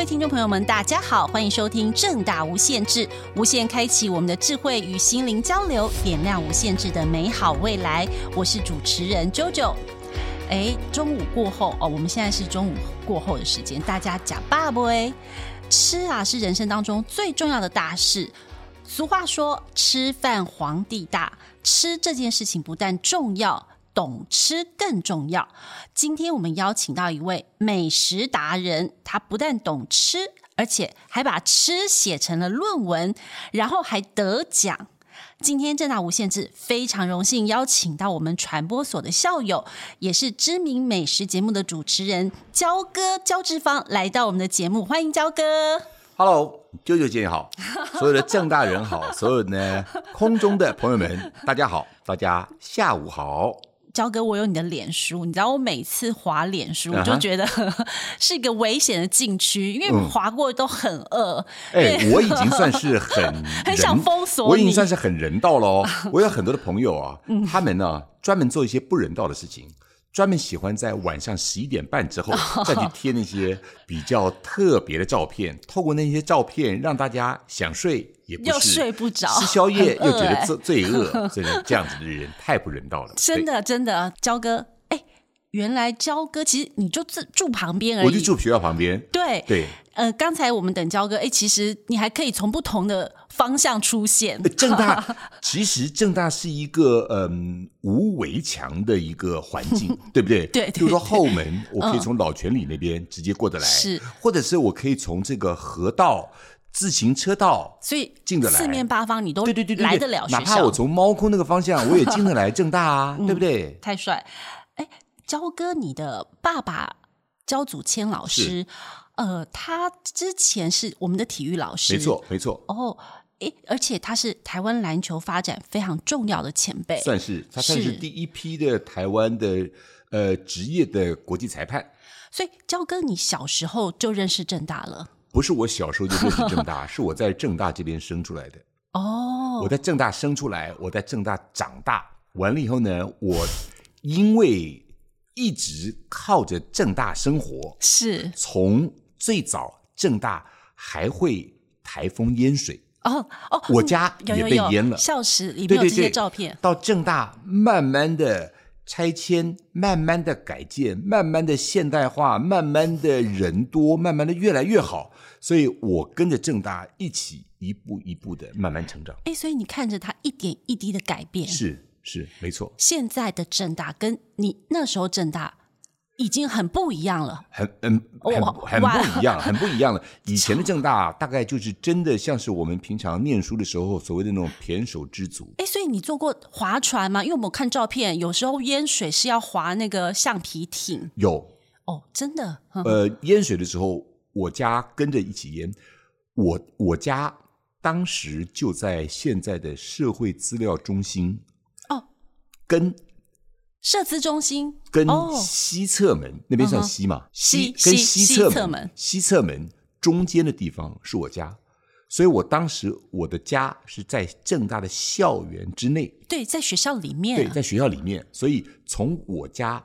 各位聽眾朋友們，大家好，歡迎收聽政大無限誌，無限開啟我們的智慧與心靈交流，點亮無限制的美好未來。我是主持人 Jojo。誒，中午過後哦，我們現在是中午過後的時間，大家假爸不？吃啊，是人生當中最重要的大事。俗話說，吃飯皇帝大，吃這件事情不但重要。懂吃更重要。今天我們邀請到一位美食達人，他不但懂吃，而且還把吃寫成了論文，然後還得獎。今天政大無限制非常榮幸邀請到我們傳播所的校友，也是知名美食節目的主持人焦哥焦志方來到我們的節目，歡迎焦哥。Hello，舅舅姐，姐好，所有的政大人好， 所有呢空中的朋友們大家好，大家下午好。焦哥，我有你的臉書，你知道我每次滑臉書，我就覺得、uh -huh. 是一個危險的禁區，因為滑過都很餓。哎、嗯欸，我已經算是很 很想封鎖你，我已經算是很人道了哦。 我有很多的朋友啊，他們呢、啊、專門做一些不人道的事情。專門喜歡在晚上十一點半之後再去貼那些比較特別的照片、哦，透過那些照片讓大家想睡也不是，又睡不着，吃宵夜餓、欸、又覺得罪罪惡，這 這樣子的人太不人道了。 真的，真的，焦哥，哎，原來焦哥其實你就住住旁邊而已，我就住學校旁邊。對對，呃，剛才我們等焦哥，哎，其實你還可以從不同的。方向出現，政大 其實政大是一個嗯、呃、無圍牆的一個環境， 對不對？ 對,對，比如說後門、嗯，我可以從老泉里那邊直接過得來，是，或者是我可以從這個河道自行車道，所以進得來，所以四面八方你都對對對,對,對來得了，哪怕我從貓空那個方向我也進得來政大啊， 對不對？嗯、太帥，哎，焦哥，你的爸爸焦祖謙老師，呃，他之前是我們的體育老師，沒錯沒錯，哦。哎，而且他是台灣籃球發展非常重要的前輩，算是他算是第一批的台灣的呃職業的國際裁判。所以，焦哥，你小時候就認識政大了？不是我小時候就認識政大， 是我在政大這邊生出來的。哦，我在政大生出來，我在政大長大。完了以後呢，我因為一直靠着政大生活，是，從最早政大還會颱風淹水。哦哦，我家也被淹了。有有有，校史裡邊有這些照片。對對對，到政大，慢慢的拆遷，慢慢的改建，慢慢的現代化，慢慢的人多，慢慢的越來越好。所以我跟着政大一起，一步一步的慢慢成長。哎，所以你看着它一點一滴的改變，是是沒錯。現在的政大跟你那時候政大。已經很不一樣了，很、嗯、很很、oh, wow. 很不一樣，很不一樣了。以前的政大大概就是真的像是我們平常念書的時候所謂的那種胼手胝足。哎，所以你做過划船嗎？因為我們看照片，有時候淹水是要划那個橡皮艇。有哦，oh, 真的。呃，淹水的時候，我家跟着一起淹。我我家當時就在現在的社會資料中心哦，oh. 跟。社資中心跟西側門、哦、那邊向西嘛，西，西跟西側，西側門，西側門中間的地方是我家，所以我當時我的家是在政大的校園之內，對，在學校裡面，對，在學校裡面，所以從我家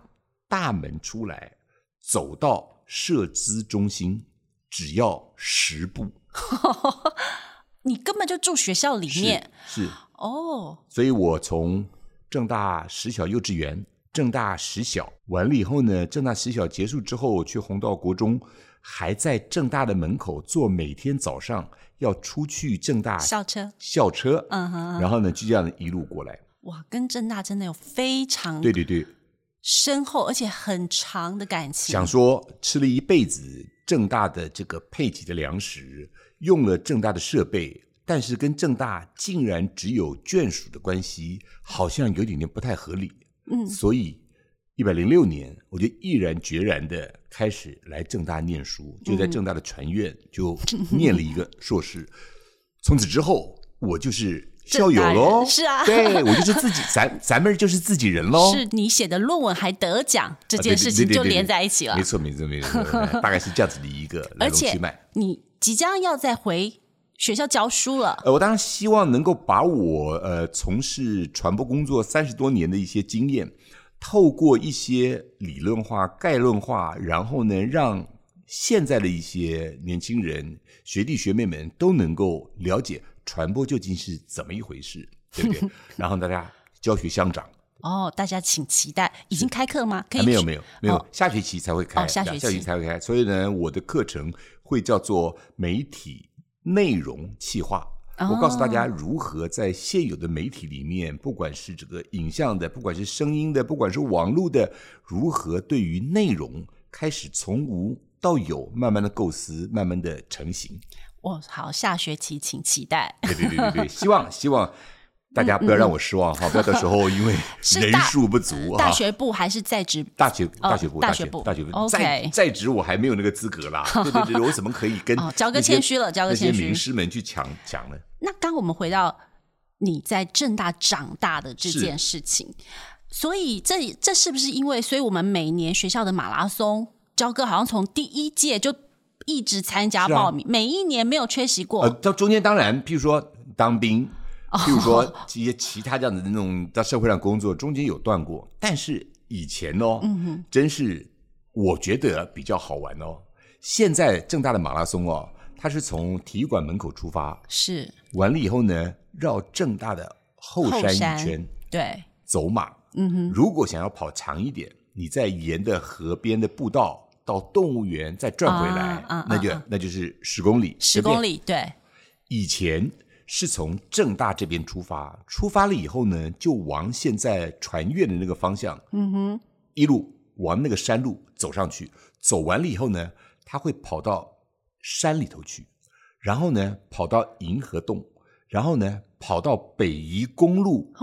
大門出來走到社資中心只要十步， 你根本就住學校裡面是，是哦，所以我從。政大實小幼稚園，政大實小，完了以後呢，政大實小結束之後，去弘道國中，還在政大的門口坐，每天早上要出去政大校車，校車，嗯哼嗯，然後呢，就這樣一路過來。哇，跟政大真的有非常對對對深厚而且很長的感情。對對對想說吃了一輩子政大的這個配給的糧食，用了政大的設備。但是跟政大竟然只有眷屬的關係，好像有點點不太合理。嗯，所以一百零六年，我就毅然決然的開始來政大念書，就在政大的傳院就念了一個碩士。嗯、 從此之後，我就是校友嘍，是啊，對，我就是自己，咱咱們就是自己人嘍。是你寫的論文還得獎，這件事情就連在一起了，啊、對對對對對沒錯沒錯沒錯，沒錯，大概是這樣子的一個來龍去脈。而且，你即將要再回。學校教書了。呃，我當然希望能夠把我呃從事傳播工作三十多年的一些經驗，透過一些理論化、概論化，然後呢，讓現在的一些年輕人、學弟學妹們都能夠了解傳播究竟是怎麼一回事，對不對？ 然後大家教學相長。哦，大家請期待，已經開課嗎？沒有，沒有，沒有，哦，下學期才會開，哦，下學期，下學期才會開。所以呢，我的課程會叫做媒體。內容企劃，我告訴大家如何在現有的媒體裡面，哦、不管是這個影像的，不管是聲音的，不管是網絡的，如何對於內容開始從無到有，慢慢的構思，慢慢的成型。我、哦、好，下學期請期待。別別別別，希望希望。 大家不要讓我失望哈！不、嗯、要、哦、到時候，因為人數不足大、啊，大學部還是在職大學、哦、大學部大學部，大學部、okay、在在職，我還沒有那個資格啦、哦。對對對、哦，我怎麼可以跟焦哥謙虛了？焦哥謙虛那些名師們去搶搶呢？那當我們回到你在政大長大的這件事情，所以這這是不是因為？所以我們每年學校的馬拉松，焦哥好像從第一屆就一直參加報名、啊，每一年沒有缺席過。呃、到中間當然，譬如說當兵。譬如說，一些其他這樣的那種，在社會上工作中間有斷過，但是以前哦，嗯哼，真是我覺得比較好玩哦。現在政大的馬拉松哦，它是從體育館門口出發，是，完了以後呢，繞政大的後山一圈山，對，走馬，嗯哼。如果想要跑長一點，你再沿着河邊的步道到動物園再轉回來，啊、那就、啊、那就是十公里，十公里，對。以前。是從政大這邊出發，出發了以後呢，就往現在穿越的那個方向，嗯哼，一路往那個山路走上去，走完了以後呢，他會跑到山裡頭去，然後呢，跑到銀河洞，然後呢，跑到北宜公路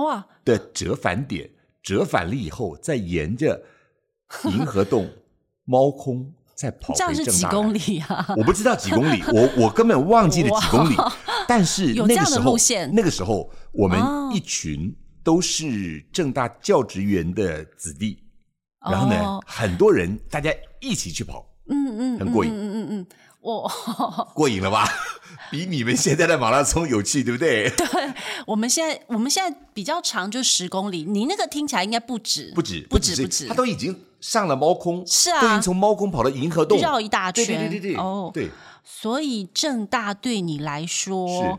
的折返點，折返了以後，再沿着銀河洞貓空。在跑回政大這樣是幾公里啊？我不知道幾公里， 我我根本忘記了幾公里。但是那個時候，那個時候我們一群都是政大教職員的子弟，哦、然後呢，哦、很多人大家一起去跑，嗯嗯，很過癮，嗯嗯嗯。嗯嗯哦，過癮了吧？比你們現在的馬拉松有趣，對不對？對，我們現在我們現在比較長，就十公里。你那個聽起來應該不止，不止，不止，不止。他都已經上了貓空，是啊，都已經從貓空跑到銀河洞，繞一大圈，對對對、對、對，哦，對。所以政大對你來說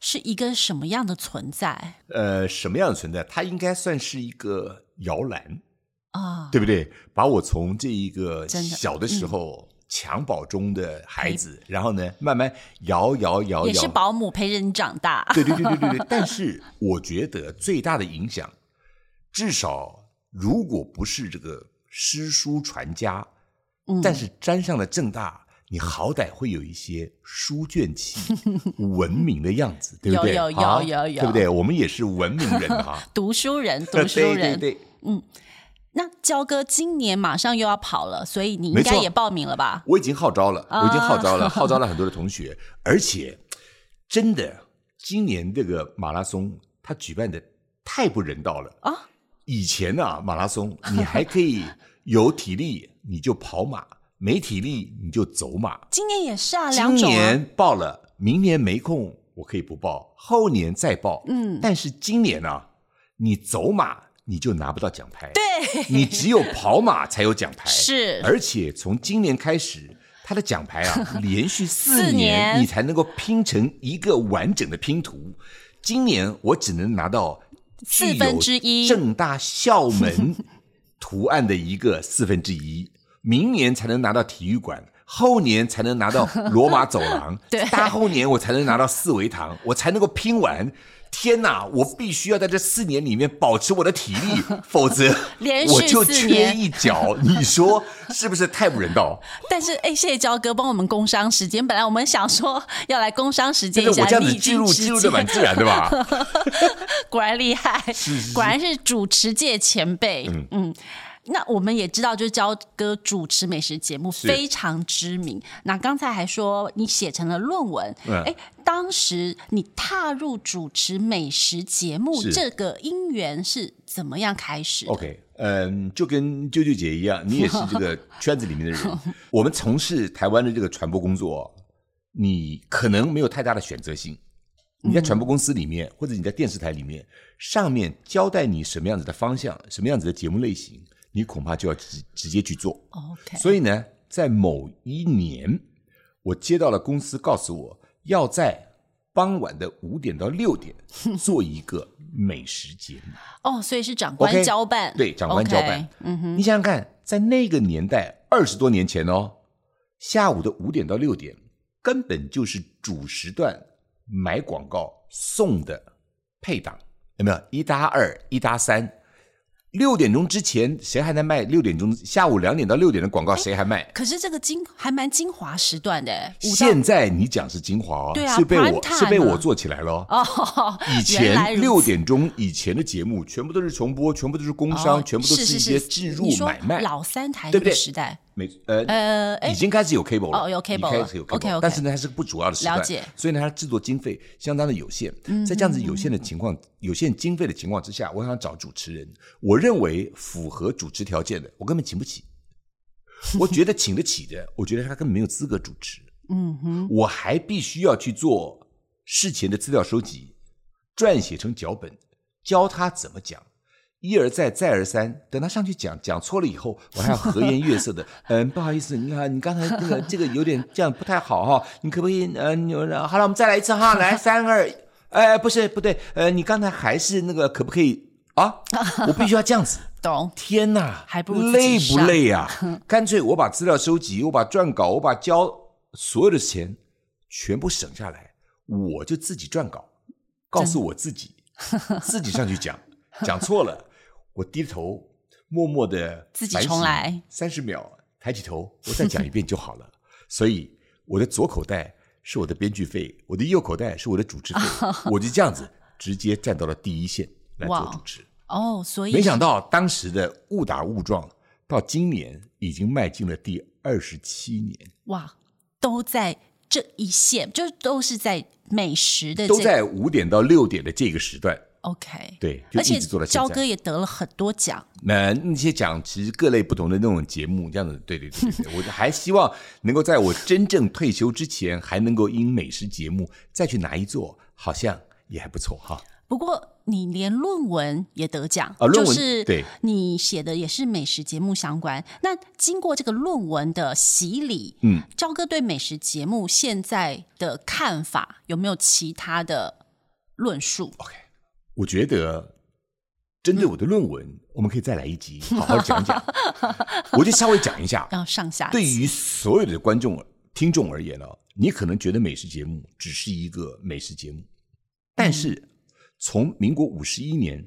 是，是一個什麼樣的存在？呃，什麼樣的存在？它應該算是一個搖籃啊、哦，對不對？把我從這一個小的時候。襁褓中的孩子，然後呢，慢慢搖搖搖搖，也是保姆陪着你長大。對對對對對，對。 但是我覺得最大的影響，至少如果不是這個詩書傳家，嗯、但是沾上了政大，你好歹會有一些書卷氣，文明的樣子， 對不對？有有有有，有、啊、對不對？我們也是文明人哈、啊， 讀書人，讀書人， 對對對，嗯。那焦哥今年馬上又要跑了，所以你應該也報名了吧？我已經號召了、啊，我已經號召了，號召了很多的同學。呵呵而且，真的，今年這個馬拉松它舉辦得太不人道了啊！以前呢、啊，馬拉松你還可以有體力你就跑馬， 沒體力你就走馬。今年也是啊，兩年今年報了，明年沒空我可以不報，後年再報。嗯，但是今年呢、啊，你走馬。你就拿不到獎牌，對你只有跑馬才有獎牌。是，而且從今年開始，他的獎牌啊，連續四年,四年你才能夠拼成一個完整的拼圖。今年我只能拿到具有正大校門圖案的一個四分之一， 明年才能拿到體育館，後年才能拿到羅馬走廊， 對，大後年我才能拿到四維堂，我才能夠拼完。天哪！我必須要在這四年裡面保持我的體力，否則我就缺一腳。 連續四年 你說是不是太不人道？但是，哎，謝謝焦哥幫我們工商時間。本來我們想說要來工商時間一下，是我這樣子進入進入就蠻自然的吧？ 果然厲害，是是是，果然是主持界前輩。嗯。嗯那我們也知道，就是焦哥主持美食節目非常知名。那剛才還說你寫成了論文，哎、嗯，當時你踏入主持美食節目這個因緣是怎麼樣開始的？OK，嗯，就跟舅舅姐一樣，你也是這個圈子裡面的人。 我們從事台灣的這個傳播工作，你可能沒有太大的選擇性。你在傳播公司裡面，或者你在電視台裡面，上面交代你什麼樣子的方向，什麼樣子的節目類型。你恐怕就要直直接去做。OK，所以呢，在某一年，我接到了公司告訴我，要在傍晚的五點到六點做一個美食節目。哦、 oh，所以是長官交辦。Okay? 對，長官交辦。嗯哼，你想想看，在那個年代，二十多年前哦，下午的五點到六點，根本就是主時段買廣告送的配檔，有沒有？一搭二，一搭三。六點鐘之前誰還在賣？六點鐘下午兩點到六點的廣告誰還賣？可是這個精還蠻精華時段的。現在你講是精華哦，是被我是被我做起來了。哦，以前六點鐘以前的節目全部都是重播，全部都是工商，全部都是一些置入買賣老三台的時代。沒呃呃、欸，已經開始有 cable 了，已、哦、經開始有 cable，okay, okay, 但是呢，還是不主要的時段。所以呢，它製作經費相當的有限。嗯、在這樣子有限的情況、嗯、有限經費的情況之下，我想找主持人，我認為符合主持條件的，我根本請不起。我覺得請得起的， 我覺得他根本沒有資格主持。嗯哼，我還必須要去做事前的資料收集、撰寫成腳本，教他怎麼講。一而再，再而三。等他上去講，講錯了以後，我還要和顏悅色的，嗯、 呃，不好意思，你看你剛才那個這個有點這樣不太好哈，你可不可以？嗯、呃，好了，我們再來一次哈，來三二一，哎、呃，不是不對，呃，你剛才還是那個，可不可以啊？我必須要這樣子。 懂？天哪，還不如累不累啊？ 乾脆我把資料收集，我把撰稿，我把交所有的錢全部省下來，我就自己撰稿，告訴我自己，自己上去講，講錯了。 我低着頭，默默地自己重來三十秒，抬起頭，我再講一遍就好了。 所以我的左口袋是我的編劇費，我的右口袋是我的主持費， 我就這樣子直接站到了第一線來做主持。哦，所以沒想到當時的誤打誤撞，到今年已經邁進了第二十七年。哇、wow，都在這一線，就是都是在美食的、這個，都在五點到六點的這個時段。OK，對，就一直做而且焦哥也得了很多獎。那那些獎其實各類不同的那種節目，這樣子，對對對我 我還希望能夠在我真正退休之前，還能夠因美食節目再去拿一座， 好像也還不錯哈。不過你連論文也得獎啊、哦，就是對，你寫的也是美食節目相關、哦。那經過這個論文的洗禮，嗯，焦哥對美食節目現在的看法有沒有其他的論述？OK。我覺得，針對我的論文、嗯，我們可以再來一集，好好講一講。 我就稍微講一下，上下對於所有的觀眾、聽眾而言呢、啊，你可能覺得美食節目只是一個美食節目，但是、嗯、從民國五十一年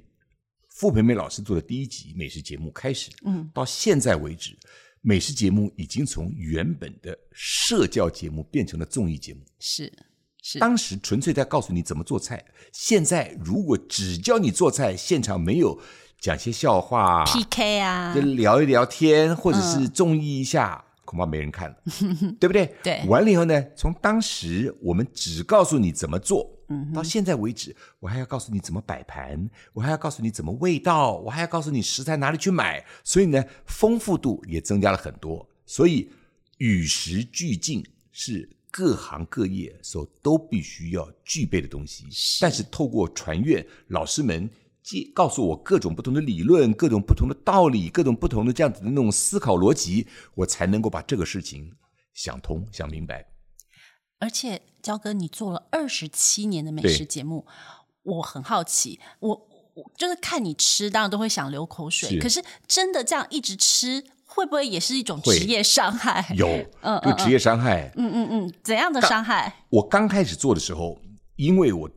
傅培梅老師做的第一集美食節目開始，嗯，到現在為止，美食節目已經從原本的社交節目變成了綜藝節目。是。是，當時純粹在告訴你怎麼做菜。現在如果只教你做菜，現場沒有講些笑話、PK 啊、跟聊一聊天，或者是綜藝一下，嗯、恐怕沒人看了， 對不對？對。完了以後呢，從當時我們只告訴你怎麼做，嗯，到現在為止，我還要告訴你怎麼擺盤、嗯，我還要告訴你怎麼味道，我還要告訴你食材哪裡去買。所以呢，豐富度也增加了很多，所以與時俱進是。各行各業所、so, 都必須要具備的東西，是，但是透過傳閱老師們介告訴我各種不同的理論、各種不同的道理、各種不同的這樣子的那種思考邏輯，我才能夠把這個事情想通、想明白。而且，焦哥，你做了二十七年的美食節目，我很好奇，我我就是看你吃，當然都會想流口水，是，可是真的這樣一直吃。會不會也是一種職業傷害？有，嗯，職業傷害。嗯嗯嗯，怎樣的傷害？我剛開始做的時候，因為我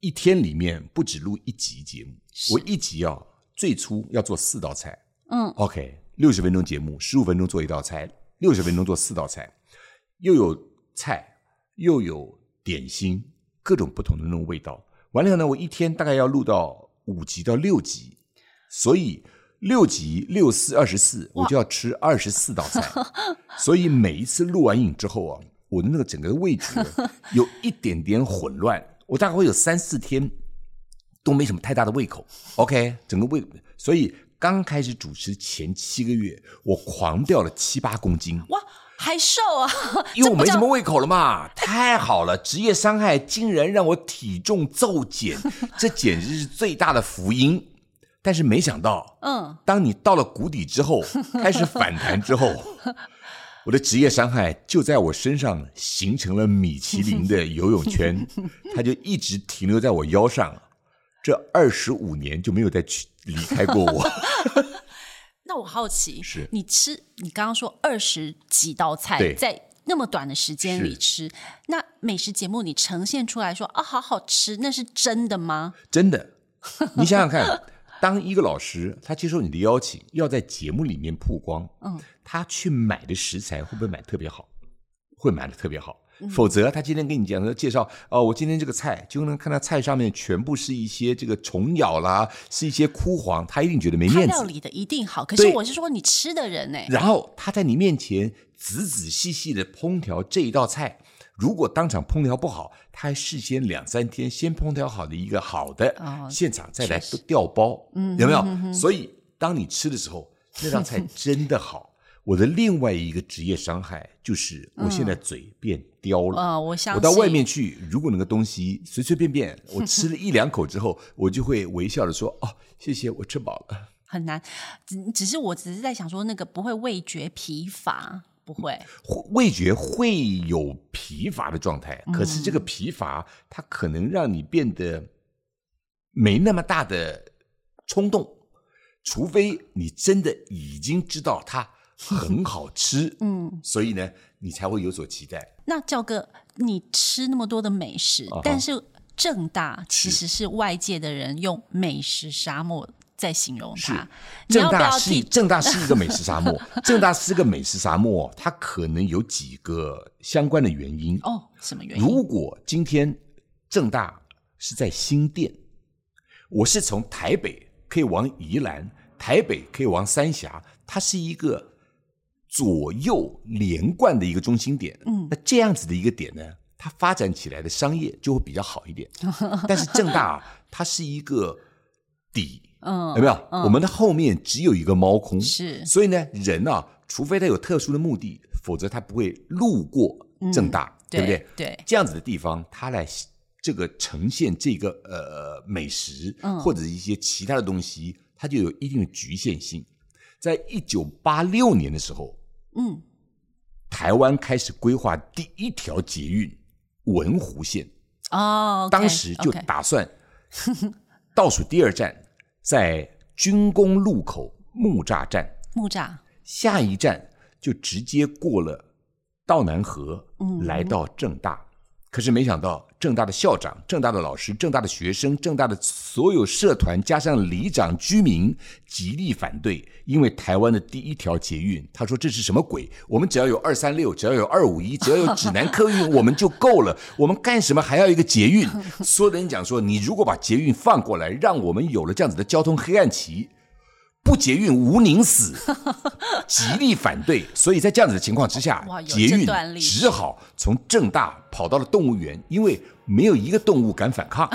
一天裡面不止錄一集節目，我一集啊，最初要做四道菜。嗯，OK，六十分鐘節目，十五分鐘做一道菜，六十分鐘做四道菜，又有菜，又有點心，各種不同的那種味道。完了以後呢，我一天大概要錄到五集到六集，所以。六級六四二十四，我就要吃二十四道菜，wow. 所以每一次錄完影之後啊，我的那個整個胃覺有一點點混亂，我大概會有三四天都沒什麼太大的胃口。OK，整個胃，所以剛開始主持前七個月，我狂掉了七八公斤。哇、wow.，還瘦啊？因為我沒什麼胃口了嘛。太好了，職業傷害竟然讓我體重驟減，這簡直是最大的福音。但是沒想到，嗯，當你到了谷底之後， 開始反彈之後，我的職業傷害就在我身上形成了米其林的游泳圈， 它就一直停留在我腰上，這二十五年就沒有再去離開過我。 那我好奇，是你吃你剛剛說二十幾道菜，在那麼短的時間裡吃，那美食節目你呈現出來說，說啊好好吃，那是真的嗎？真的，你想想看。 當一個老師，他接受你的邀請，要在節目裡面曝光，嗯，他去買的食材會不會買特別好？啊，會買的特別好，嗯，否則他今天跟你講的介紹，哦、呃，我今天這個菜，就能看到菜上面全部是一些這個蟲咬啦，是一些枯黃，他一定覺得沒面子，料理的一定好，可是我是說你吃的人呢，欸，然後他在你面前仔仔細細的烹調這一道菜。如果當場烹調不好，他還事先兩三天先烹調好的一個好的，現場、哦、再來調包、嗯，有沒有、嗯？所以當你吃的時候，那、嗯、道菜真的好、嗯。我的另外一個職業傷害就是，我現在嘴變刁了。嗯呃、我我到外面去，如果那個東西隨隨便便，我吃了一兩口之後，嗯、我就會微笑着說：“哦，謝謝，我吃飽了。”很難，只是我只是在想說，那個不會味覺疲乏。不會，味覺會有疲乏的狀態，嗯、可是這個疲乏，它可能讓你變得沒那麼大的衝動，除非你真的已經知道它很好吃，嗯，所以呢，你才會有所期待。那焦哥，你吃那麼多的美食，但是政大其實是外界的人用美食沙漠。在形容它，政大是政大是一個美食沙漠，政 大是個美食沙漠，它可能有幾個相關的原因哦。什麼原因？如果今天政大是在新店，我是從台北可以往宜蘭，台北可以往三峽，它是一個左右連貫的一個中心點，嗯，那這樣子的一個點呢，它發展起來的商業就會比較好一點。 但是政大它是一個底。嗯，有沒有、嗯、我們的後面只有一個貓空，是。所以呢，人啊，除非他有特殊的目的，否則他不會路過政大，嗯，對不對？對、對，這樣子的地方，他來這個呈現這個呃美食或者一些其他的東西，嗯，它就有一定的局限性。在一九八六年的時候，嗯，台灣開始規劃第一條捷運文湖線，哦，okay, 當時就打算，okay、倒數第二站。 在軍工路口木柵站，木柵下一站就直接過了道南河，來到政大、嗯。可是沒想到。政大的校長、政大的老師、政大的學生、政大的所有社團，加上里長居民，極力反對，因為台灣的第一條捷運，他說這是什麼鬼？我們只要有二三六，只要有二五一，只要有指南客運， 我們就夠了。我們幹什麼還要一個捷運？所有的人講說，你如果把捷運放過來，讓我們有了這樣子的交通黑暗期。不捷運無寧死，極力反對，所以在這樣子的情況之下，捷運只好從正大跑到了動物園，因為沒有一個動物敢反抗，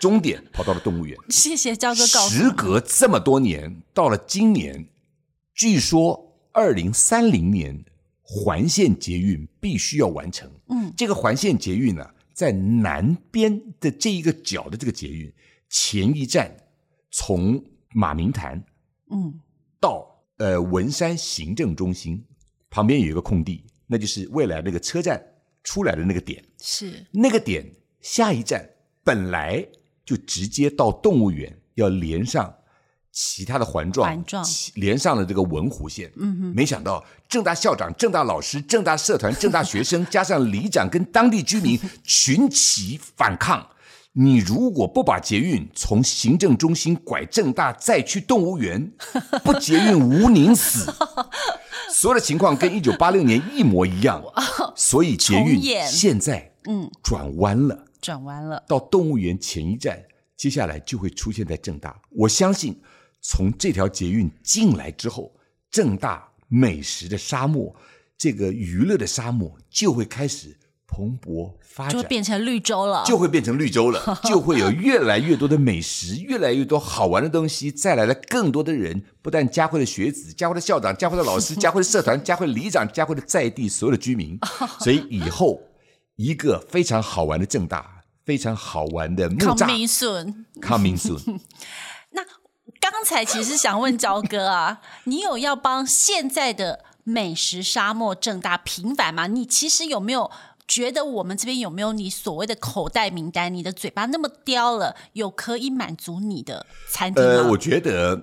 終點跑到了動物園。謝謝焦哥告訴。時隔這麼多年，到了今年，據說二零三零年環線捷運必須要完成。嗯，這個環線捷運呢，在南邊的這一個角的這個捷運前一站從。馬明潭，嗯，到呃文山行政中心旁邊有一個空地，那就是未來那個車站出來的那個點。是那個點下一站本來就直接到動物園，要連上其他的環狀，環狀連上了這個文湖線，嗯哼，沒想到政大校長、政大老師、政大社團、政大學生， 加上里長跟當地居民群起反抗。你如果不把捷運從行政中心拐，政大再去動物園，不捷運無寧死。所有的情況跟一九八六年一模一樣，所以捷運現在嗯轉彎了，轉彎了，到動物園前一站，接下來就會出現在政大。我相信，從這條捷運進來之後，政大美食的沙漠，這個娛樂的沙漠就會開始，蓬勃發展就變成綠洲了，就會變成綠洲了， 就會有越來越多的美食，越來越多好玩的東西，帶來了更多的人。不但嘉惠的學子，嘉惠的校長，嘉惠的老師，嘉惠的社團，嘉 惠里長，嘉惠的在地所有的居民。所以以後一個非常好玩的政大，非常好玩的木柵，coming soon，coming soon。 那剛才其實想問焦哥啊， 你有要幫現在的美食沙漠政大平反嗎？你其實有沒有？覺得我們這邊有沒有你所謂的口袋名單？你的嘴巴那麼刁了，有可以滿足你的餐廳嗎？呃，我覺得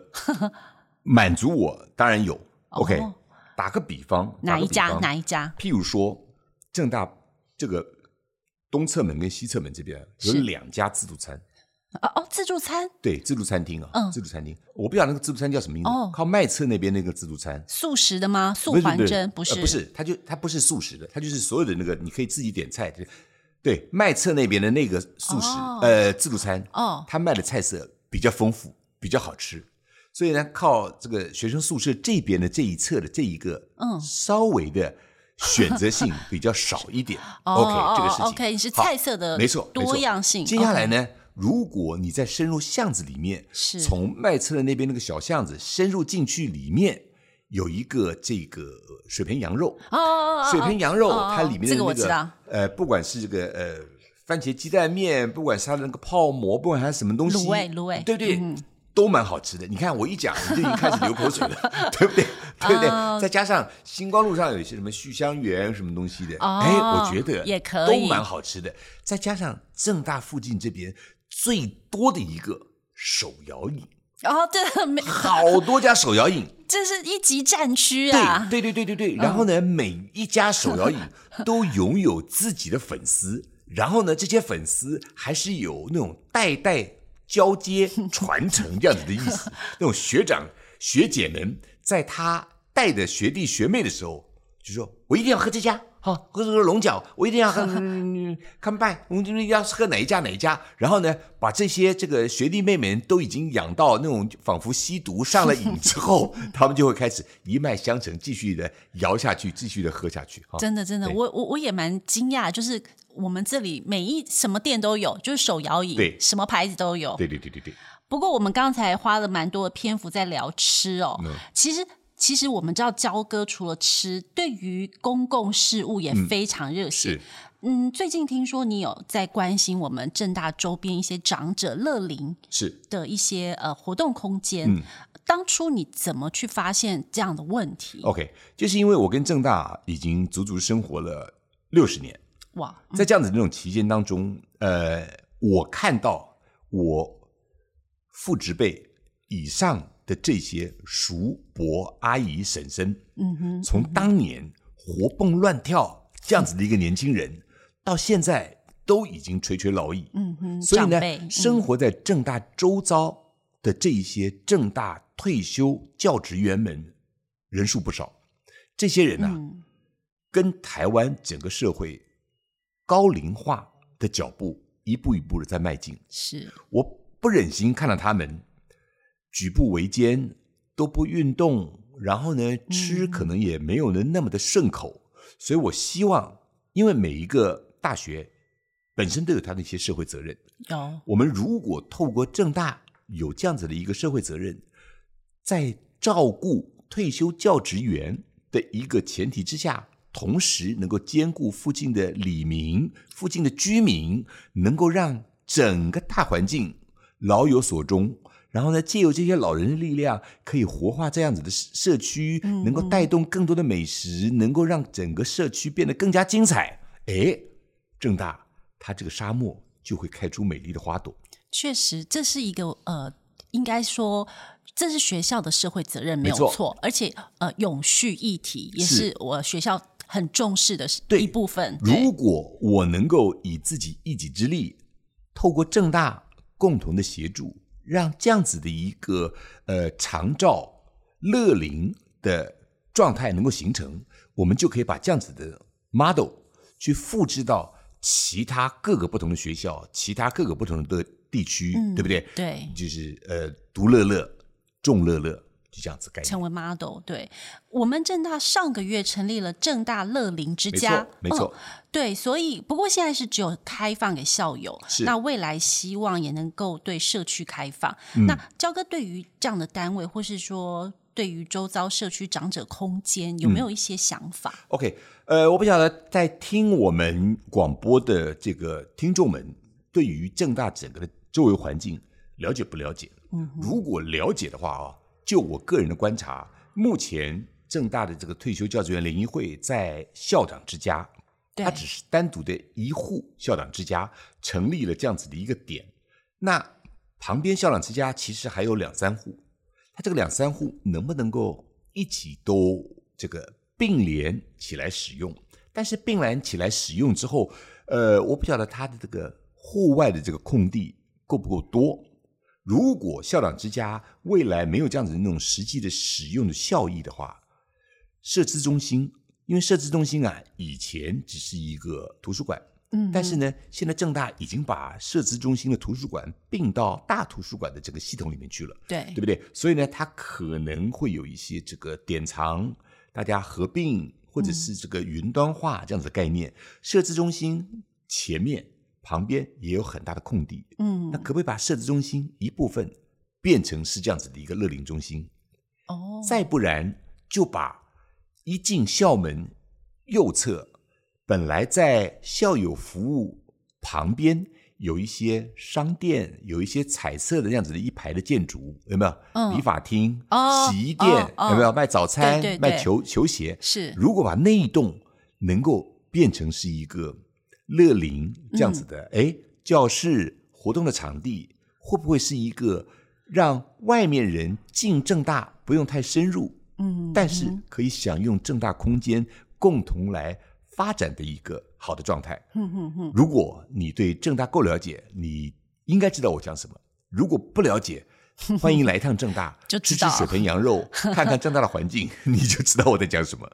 滿足我當然有。 OK，打個比方，哪一家？哪一家？譬如說政大這個東側門跟西側門這邊有兩家自助餐。哦，自助餐，對，自助餐廳啊、哦嗯，自助餐廳，我不曉得那個自助餐叫什麼名字、哦，靠麥側那邊那個自助餐，素食的嗎？素環真不是，不是，不是、呃、不是，它就它不是素食的，它就是所有的那個你可以自己點菜，對對，麥側那邊的那個素食、哦、呃自助餐哦，他賣的菜色比較豐富，比較好吃、哦，所以呢，靠這個學生宿舍這邊的這一側的這一個嗯，稍微的選擇性比較少一點、哦、OK、哦、這個事情 OK 你是菜色的沒錯多樣性，接下來呢？如果你再深入巷子裡面，是從賣車的那邊那個小巷子深入進去，裡面有一個這個水盆羊肉，哦、哦、哦、哦。水盆羊肉哦、哦、它裡面的那個、這個我知道，呃，不管是這個呃番茄雞蛋麵，不管是它的那個泡饃，不管它什麼東西，滷味，滷味對不對、嗯？都蠻好吃的。你看我一講，你就已經開始流口水了， 對不對？對不對？Uh, 再加上星光路上有一些什麼旭香園什麼東西的，哎、uh,，我覺得也可以，都蠻好吃的。再加上正大附近這邊。最多的一個手搖飲，然後，對，好多家手搖飲，這是一級戰區啊！對，對，對，對，對對對。然後呢，每一家手搖飲都擁有自己的粉絲，然後呢，這些粉絲還是有那種代代交接傳承這樣子的意思，那種學長學姐們在他帶的學弟學妹的時候，就說：“我一定要喝這家。”好，或者說龍角，我一定要喝，呵呵，COMEBUY，我們就是要喝哪一家哪一家。然後呢，把這些這個學弟妹妹們都已經養到那種仿佛吸毒上了癮之後， 他們就會開始一脈相承，繼續的搖下去，繼續的喝下去。真的，真的，我我我也蠻驚訝，就是我們這裡每一什麼店都有，就是手搖飲，對，什麼牌子都有。對對對對對。不過我們剛才花了蠻多的篇幅在聊吃哦，嗯、其實。其實我們知道，焦哥除了吃，對於公共事務也非常熱心。嗯，嗯最近聽說你有在關心我們政大週邊一些長者樂齡，是的一些呃活動空間、嗯。當初你怎麼去發現這樣的問題？OK，就是因為我跟政大已經足足生活了六十年哇，在這樣子的那種期間當中，呃，我看到我父執輩以上的這些叔伯阿姨嬸嬸，嗯哼，從當年活蹦亂跳這樣子的一個年輕人，到現在都已經垂垂老矣，嗯哼，所以呢，生活在政大周遭的這些政大退休教職員們，人數不少，這些人呢、啊，跟台灣整個社會高齡化的腳步一步一步的在邁進，是，我不忍心看到他們，舉步維艱，都不運動，然後呢，吃可能也沒有能那麼的順口、嗯，所以我希望，因為每一個大學本身都有它的一些社會責任。有、哦，我們如果透過政大有這樣子的一個社會責任，在照顧退休教職員的一個前提之下，同時能夠兼顧附近的里民、附近的居民，能夠讓整個大環境老有所終。然後呢，借由這些老人的力量，可以活化這樣子的社區，能夠帶動更多的美食，嗯、能夠讓整個社區變得更加精彩。哎，政大它這個沙漠就會開出美麗的花朵。確實，這是一個呃，應該說這是學校的社會責任，沒錯，沒有錯。而且呃，永續議題也是，是我學校很重視的一部分，對，對。如果我能夠以自己一己之力，透過政大共同的協助。讓這樣子的一個呃長照樂齡的狀態能夠形成，我們就可以把這樣子的 model 去複製到其他各個不同的學校，其他各個不同的的地區，嗯，對不對？對，就是呃獨樂樂，眾樂樂。這樣子，成為 model。對，我們政大上個月成立了政大樂齡之家，沒錯，嗯，對。所以，不過現在是只有開放給校友，那未來希望也能夠對社區開放，嗯。那焦哥對於這樣的單位，或是說對於周遭社區長者空間，有沒有一些想法？嗯，OK，呃，我不曉得在聽我們廣播的這個聽眾們，對於政大整個的周圍環境了解不了解？嗯，如果了解的話啊。就我個人的觀察，目前政大的這個退休教職員聯誼會在校長之家，它只是單獨的一戶校長之家成立了這樣子的一個點。那旁邊校長之家其實還有兩三戶，它這個兩三戶能不能夠一起都這個併聯起來使用？但是併聯起來使用之後，呃，我不曉得它的這個戶外的這個空地夠不夠多。如果校長之家未來沒有這樣子那種實際的使用的效益的話，社資中心，因為社資中心啊以前只是一個圖書館，嗯，但是呢，現在政大已經把社資中心的圖書館併到大圖書館的這個系統裡面去了，對，對不對？所以呢，它可能會有一些這個典藏，大家合併或者是這個雲端化這樣子的概念，嗯、社資中心前面。旁邊也有很大的空地，嗯，那可不可以把設置中心一部分變成是這樣子的一個樂齡中心？哦，再不然就把一進校門右側本來在校友服務旁邊有一些商店，有一些彩色的這樣子的一排的建築，有沒有、嗯、理髮廳、哦、洗衣店？哦、有沒有賣早餐、對對對賣球球鞋？是，如果把那一棟能夠變成是一個。樂林這樣子的，哎，教室活動的場地會不會是一個讓外面人進政大不用太深入，嗯，但是可以享用政大空間，共同來發展的一個好的狀態。嗯嗯嗯，如果你對政大夠了解，你應該知道我講什麼；如果不了解，歡迎來一趟政大， 就吃吃水盆羊肉，看看政大的環境， 你就知道我在講什麼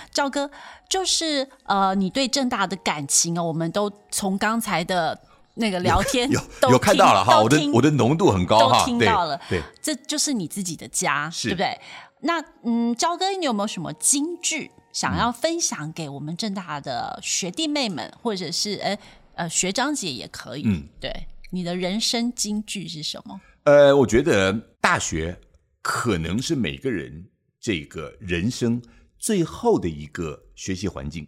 。焦哥，就是呃，你對政大的感情我們都從剛才的那個聊天有，有，有看到了哈，我的我的濃度很高哈，都聽到了，對，對這就是你自己的家，是對不對？那嗯，焦哥，你有沒有什麼金句想要分享給我們政大的學弟妹們，嗯、或者是哎、呃、學長姐也可以，嗯、對，你的人生金句是什麼？呃，我覺得大學可能是每個人這個人生最後的一個學習環境，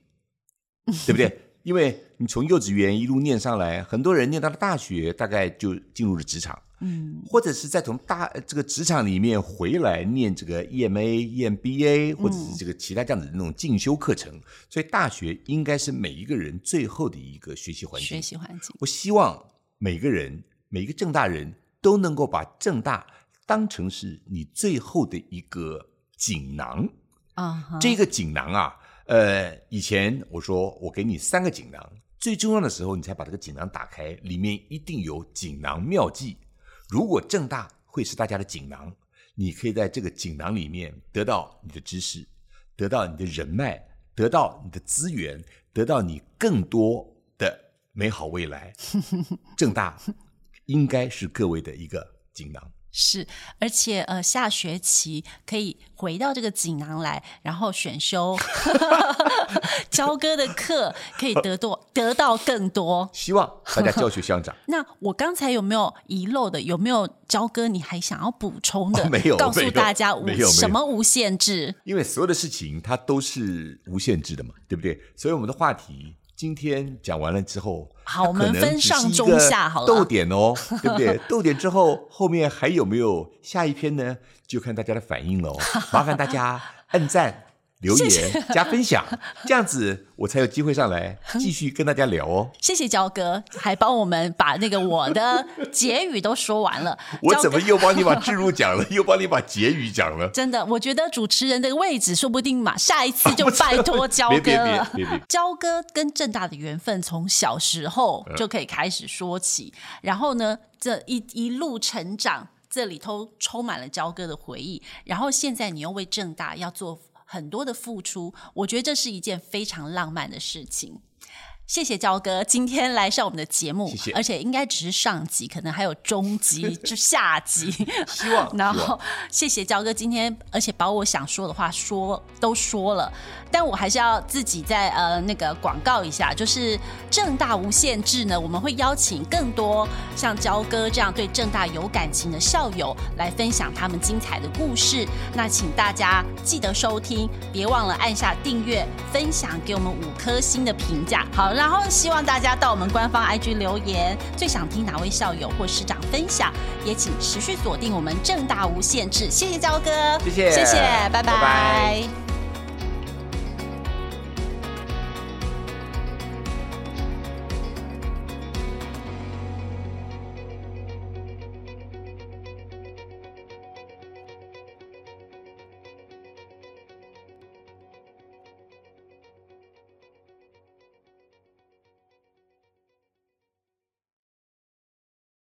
對不對？因為你從幼稚園一路念上來，很多人念到了大學，大概就進入了職場，嗯，或者是再從大這個職場裡面回來念這個 EMA、嗯、EMBA，或者是這個其他這樣的那種進修課程、嗯。所以大學應該是每一個人最後的一個學習環境。學習環境，我希望每個人每一個政大人。都能夠把政大當成是你最後的一個錦囊啊！Uh -huh. 這個錦囊啊，呃，以前我說我給你三個錦囊，最重要的時候你才把這個錦囊打開，裡面一定有錦囊妙計。如果政大會是大家的錦囊，你可以在這個錦囊裡面得到你的知識，得到你的人脈，得到你的資源，得到你更多的美好未來。政 大。應該是各位的一個錦囊，是，而且呃，下學期可以回到這個錦囊來，然後選修焦哥 的課，可以得到 得到更多。希望大家教學相長。 那我剛才有沒有遺漏的？有沒有焦哥你還想要補充的？哦、沒有，告訴大家無什麼無限制，因為所有的事情它都是無限制的嘛，對不對？所以我們的話題。今天講完了之後，好，可能只是一個逗點。哦、我們分上中下好，好，逗點哦，對不對？逗點之後，後面還有沒有下一篇呢？就看大家的反應了。麻煩大家按讚。留言加分享，這樣子我才有機會上來繼續跟大家聊哦。謝謝焦哥，還幫我們把那個我的結語都說完了。我怎麼又幫你把置入講了，又幫你把結語講了？真的，我覺得主持人的位置說不定嘛，下一次就拜托焦哥了。焦哥跟政大的緣分從小時候就可以開始說起，然後呢，這一一路成長，這裡頭充滿了焦哥的回憶。然後現在你又為政大要做很多的付出，我覺得這是一件非常浪漫的事情。謝謝焦哥今天來上我們的節目。謝謝，而且應該只是上集，可能還有中集、 就下集。希望，然後謝謝焦哥今天，而且把我想說的話說都說了，但我還是要自己再呃那個廣告一下，就是政大無限制呢，我們會邀請更多像焦哥這樣對政大有感情的校友來分享他們精彩的故事。那請大家記得收聽，別忘了按下訂閱、分享，給我們五顆星的評價。好。然後希望大家到我們官方 IG 留言，最想聽哪位校友或師長分享，也請持續鎖定我們政大無限制。謝謝焦哥，謝謝，謝謝，拜拜。